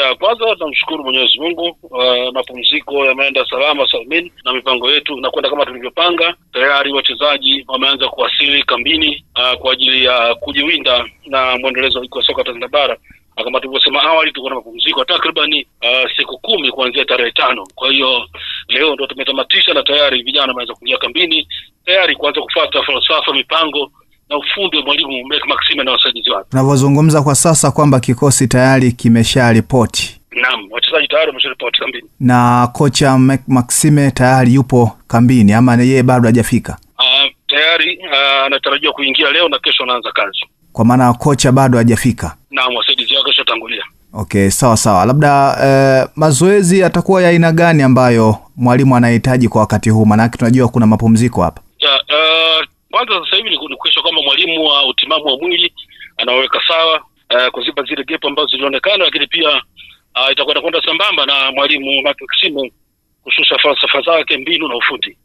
ya kwanza tunamshukuru Mwenyezi Mungu. Uh, mapumziko yameenda salama salmin na mipango yetu inakwenda kama tulivyopanga. Tayari wachezaji wameanza kuwasili kambini uh, kwa ajili ya kujiwinda na mwendelezo wa soka Tanzania bara kama tulivyosema awali, tulikuwa na mapumziko takribani uh, siku kumi kuanzia tarehe tano. Kwa hiyo leo ndo tumetamatisha na tayari vijana wameanza kuingia kambini tayari kuanza kufuata falsafa, mipango na ufundi wa mwalimu Mek Maxime na wasaidizi wake. Tunavyozungumza kwa sasa kwamba kikosi tayari kimesha ripoti. Naam, wachezaji tayari wamesha ripoti kambini na kocha Mek Maxime tayari yupo kambini, ama yeye bado hajafika? Uh, tayari ah, anatarajiwa uh, kuingia leo na kesho anaanza kazi, kwa maana kocha bado hajafika. Naam, wasaidizi wake washatangulia. Okay, sawa sawa. Labda eh, mazoezi yatakuwa ya aina gani ambayo mwalimu anahitaji kwa wakati huu? Maanake tunajua kuna mapumziko hapa. Eh, kwanza sasa hivi kuhakikisha kwamba mwalimu wa utimamu wa mwili anaweka sawa uh, kuziba zile gepu ambazo zilionekana, lakini pia uh, itakwenda kwenda sambamba na mwalimu Max Maximo kushusha falsafa zake, mbinu na ufundi.